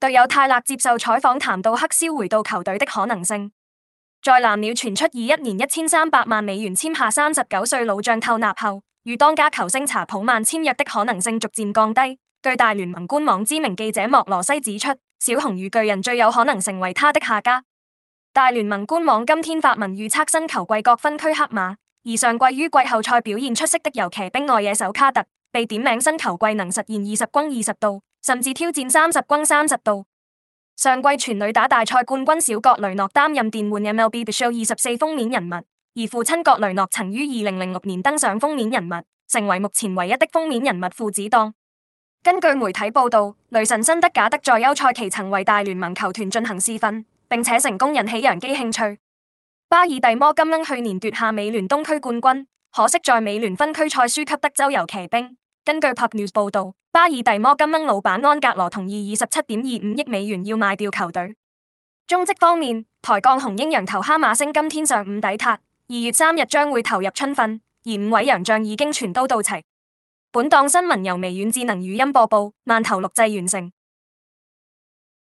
隊友泰勒接受採訪談到克蕭回到球隊的可能性，在藍鳥傳出以一年一千三百萬美元簽下三十九歲老將透納後，與當家球星查普曼簽約的可能性逐漸降低。據大聯盟官網知名記者莫羅西指出，小熊與巨人最有可能成為他的下家。大聯盟官網今天發文預測新球季各分區黑馬，而上季於季後賽表現出色的遊騎兵外野手卡特被點名新球季能實現二十轟二十盜。甚至挑戰三十轟三十度。上季全壘打大賽冠軍小葛雷諾擔任電玩 MLB Show 二十四封面人物，而父親葛雷諾曾於二零零六年登上封面人物，成為目前唯一的封面人物父子檔。根據媒體報道，雷神辛德加德在休賽期曾為大聯盟球團進行試訓，並且成功引起洋基興趣。巴爾蒂摩金鶯去年奪下美聯東區冠軍，可惜在美聯分區賽輸給德州遊騎兵。根據《Pop news 報道，巴爾的摩金鶯老闆安格羅同意二十七點二五億美元要賣掉球隊。中職方面，台鋼雄鷹洋投哈馬星今天上午抵塔，二月三日將會投入春訓，而五位洋將已經全都到齊。本檔新聞由微軟智能語音播報，慢頭錄製完成。